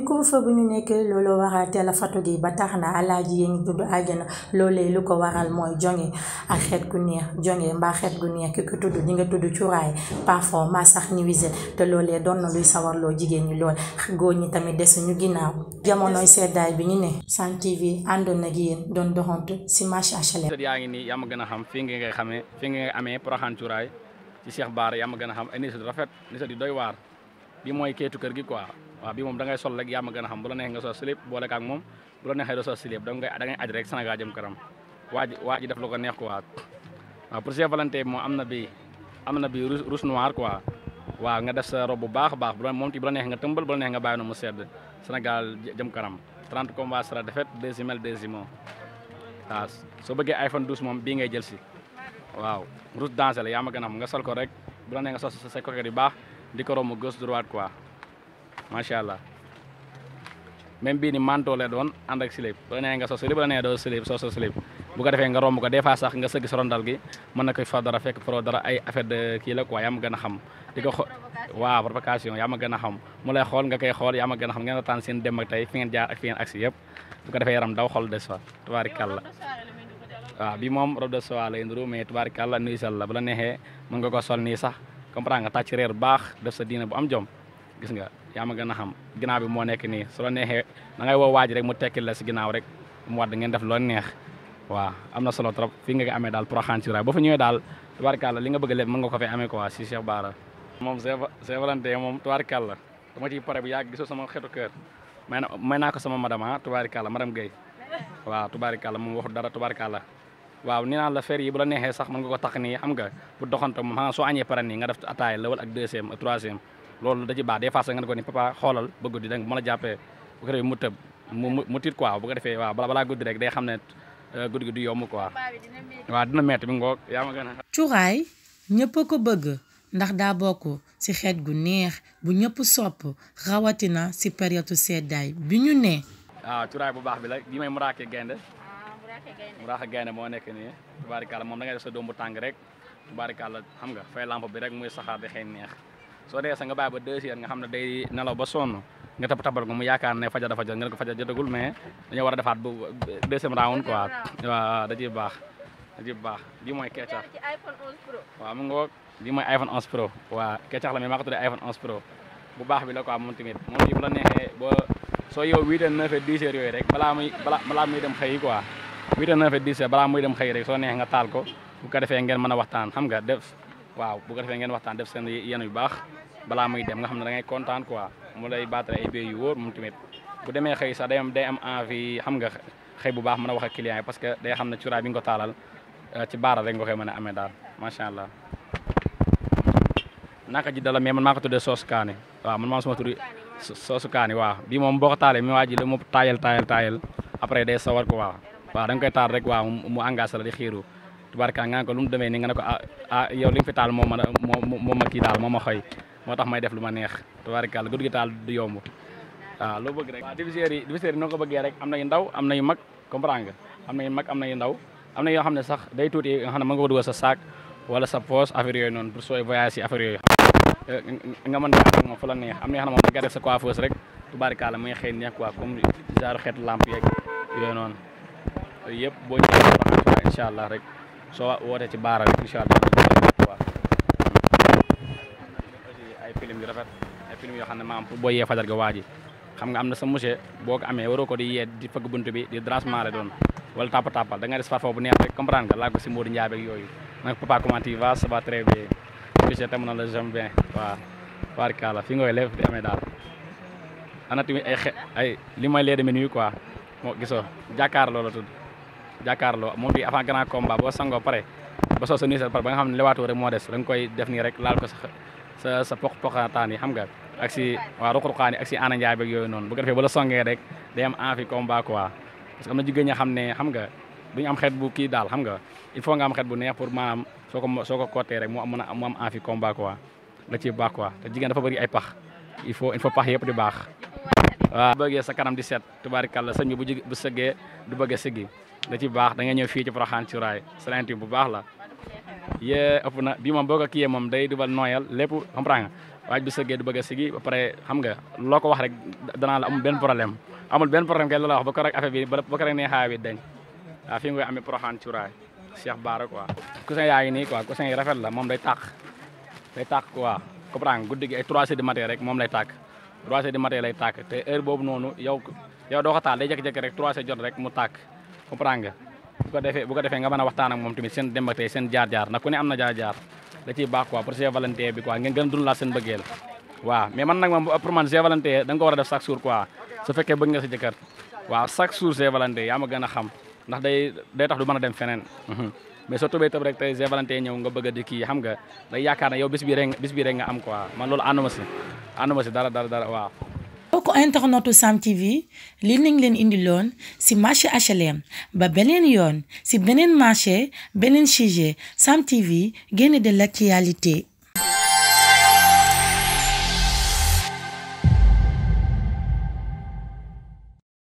bi couvre ñu nekkee looloo waral teel a fatu gi ba tax na alaaji yi ngi tudd àjjana loolee lu ko waral mooy jonge ak xeet gu neex jonge mbaa xeet gu neex ki ko tudd di nga tudd cuuraay parfum maa sax nuisette te loolu loolee doon na luy sawarloo jigéen ñi lool góor ñi tamit des ñu ginnaaw jamonoy seddaay bi ñu ne Sen TV àndoon ak yéen doon doxantu si marché HLM. yaa ngi nii yaa ma gën a xam fii nga xamee fii nga amee Porokhane cuuraay ci Cheikh baar yaa ma gën a xam ay nisit rafet nisit yu doy waar bi moy keetu kër gi quoi wa bi mom da ngay sol rek yaa ma gën xam bu la neex nga sol slip bo lek ak mom bu la neexee do sol slip da ngay da ngay aj rek senegal jëm karam waa ji waa ji def lu neex quoi wa pour Saint Valentin mo amna bi amna bi rouge noir quoi wa nga def sa robe bu baax baax bu la moom ti bu la neex nga tëmbal bu la neex nga bàyyi mu sedd senegal jëm karam 30 combats sera defet deux semelles deux so bëgge iPhone 12 mom bi ngay jël ci waaw rouge danger la yaa ma gën xam nga sol ko rek bu la neex nga sol sa coquette yu baax di ko gauche droite quoi machallah allah même bi ni manto le don and ak slip bu la nga so slip bu la nee slip so so slip bu ko defé nga romb ko des fois sax nga seug so rondal gi man nakay fa dara fek pro dara ay affaire de ki la quoi yam gëna xam di wa provocation yam gëna xam mu lay xol nga kay xol yam gëna xam ngeena tan seen dem ak tay fi ngeen jaar ak fi ngeen agsi yépp bu ko nisa. yaram daw xol des fa tabarakallah bi robe de lay mais la bu la comprendre nga tàcc reer baax def sa diine bu am jom gis nga yaa ma gën a xam ginnaaw bi moo nekk nii su la neexee da ngay woo waaj rek mu tekkil la si ginaaw rek mu wadd ngeen def loo neex waaw am na solo trop fi nga ko amee daal Porokhane ci raay boo fa ñëwee daal tubaarkàlla li nga bëgg lépp mën nga ko fee amee quoi si Cheikh Bara moom Saint Valentin moom tubaarkàlla dama ciy pare bu yàgg gisoo sama xetu kër may na may naa ko sama madama ah tubaarkàlla madame Guèye waaw tubaarkàlla moom waxu dara tubaarkàlla waaw ni naa la fer yi bu la neexee sax mën nga ko tax nii xam nga bu doxante moom xanaa soo añee pare nii nga def ataay la wala ak deuxième ak troisième loolu da ci baax des fois nga ne ko ni papa xoolal ba guddi da nga mën a jàppee bu ko defee mu tëb mu tiit ko waaw bala balaa guddi rek day xam ne euh, guddi gi du yomb quoi waaw dina metti bi ngoog yaa a cuuraay ñëpp ko bëgg ndax daa bokk ci xeet gu neex bu ñëpp sopp rawatina si période seddaay bi ñu ne waaw cuuraay bu baax bi la bi may muraake gaynde Muraaxa Gaynde a nekk nii tubaarikàlla moom da ngay def doom bu tàng rek tubaarikàlla xam nga fay lampe bi rek muy saxaar di xëy neex soo dee sa nga bàyyi ba deux heures nga xam ne day nelaw ba sonn nga tab tabal ko mu yaakaar ne fajar dafa jot nga ne ko fajar jotagul mais dañoo war a defaat bu deuxième round quoi waaw da ciy baax da ciy baax lii mooy kecax waaw mu ngoog lii mooy iPhone 11 Pro waaw kecax la mais maa ko tuddee iPhone 11 Pro bu baax bi la quoi moom tamit moom yi bu la neexee ba soo yow huit heures neuf heures dix heures yooyu rek balaa muy balaa muy dem xëy 8 9 10 balaa muy dem xëy rek soo neex nga taal ko bu ko defee ngeen mën a waxtaan xam nga def waaw bu ko defee ngeen waxtaan def seen yéen yu baax balaa muy dem nga xam ne da ngay kontaan quoi mu lay battre ay bee yu wóor moom tamit bu demee xëy sax day am day am envie xam nga xëy bu baax mën a wax ak client yi parce que day xam ne cuuraay bi nga ko euh, ci baara rek nga koy mën a amee daal macha allah. naka ji dala mais man maa ko tuddee soosu kaani waaw man maa suma tuddi soosu kaani waaw bii moom boo ko taalee mi waa ji la mu taayal taayal après day sawar ko waaw waaw danga koy taal rek waaw mu engagé la di xiiru tubaarka nga ko lu mu demee ni nga ne ko ah, ah yow li nga fi taal moo ma moo ma kii daal moo ma xëy moo tax may def lu ma neex tubaarka la guddi gi taal du loo bëgg rek waaw diviseurs yi diviseurs yi bëggee rek am na ndaw am na yu mag comprendre nga am na mag am na yu ndaw am na yoo xam ne sax day tuuti nga xam ne mën nga ko dugal sa saak wala sa poche affaire yooyu noonu pour sooy affaire yooyu eh, nga mën di la neex am na yoo xam ne moom da nga def sa coiffeuse rek tubaarka la muy xëy neex quoi comme genre xeetu lamp yeeg yooyu noonu yep yëpp inshallah ñëwee ba xam ne rek soo wootee ci baara rek incha ay film yu rafet ay film yo xamne ma am pour boo yee ya, ga waji xam nga amna ya. sa monsieur boko amé waro ko di yé ya, di fëgg buntu bi di drancement la don wala tap tàppal da nga des parfois bu neex rek comprendre nga laa ko si Modou Ndiaye ak yoyu nak papa comment tu vas ça va très bien monsieur tam na la j'aime bien wa barka la fi ngoy lef di amé dal ana tamit ay ay limay lé lee demee nuyu quoi mo gisoo gitu. jakar lolo tud jàkkaarloo moom bi avant grand combat boo sangoo pare ba soo sa nuyu sa pare ba nga xam ne lewaatoo rek moo des da nga koy def nii rek xam nga ak si day am envie combat quoi parce que am na jigéen xam ne xam nga duñu am xeet bu kii daal xam nga il faut nga am xeet bu neex pour maanaam soo ko soo ko cootee rek mu am mën a mu am envie la ciy baax quoi te jigéen dafa bëri ay pax il faut il faut pax yëpp di baax waaw bëggee sa kanam di set tubaarikàlla sëñ bi bu bu sëggee du bëgg a da ci baax da nga ñëw fii ci Porokhane ci raay salanti bu baax la yee ëpp na bi moom boo ko kiyee moom day dubal nooyal lépp comprend nga waaj bu sëggee du bëgg a ba pare xam nga loo ko wax rek danaa la amul benn problème amul benn problème kay la wax ba ko rek affaire bi ba ko rek ne xaa bi dañ waaw fi nga koy amee Porokhane ci raay Cheikh Bara quoi coussin yaa ngi nii quoi coussin yi rafet la moom day tàq day tàq quoi comprend nga guddi gi ay trois heures du matin rek moom lay tàq trois heures du lay tàkk te heure boobu noonu yow yow doo ko taal day jékki-jékki rek trois jot rek mu tàkk comprendre nga bu defee nga mën a waxtaan ak moom tamit seen dem ak tey seen jaar-jaar ndax ku ne am na jaar-jaar da ciy baax quoi pour Saint Valentin bi quoi ngeen gën a dundalaat seen bëggeel waaw mais man nag moom pour man Saint Valentin da nga war a def chaque jour quoi su fekkee bëgg nga sa jëkkër waaw chaque jour Saint Valentin yaa ma gën a xam ndax day mais soo tubee tëb rek tey Saint Valentin ñëw nga bëgg a di kii xam nga day yaakaar ne yow bis bi rek bis bi rek nga am quoi man loolu ànduma si ànduma si dara dara dara waaw. mbokku internetu Sam TV lii nañ leen indiloon si marché HLM ba beneen yoon si beneen marché beneen sujet Sam TV génne de la l'actualité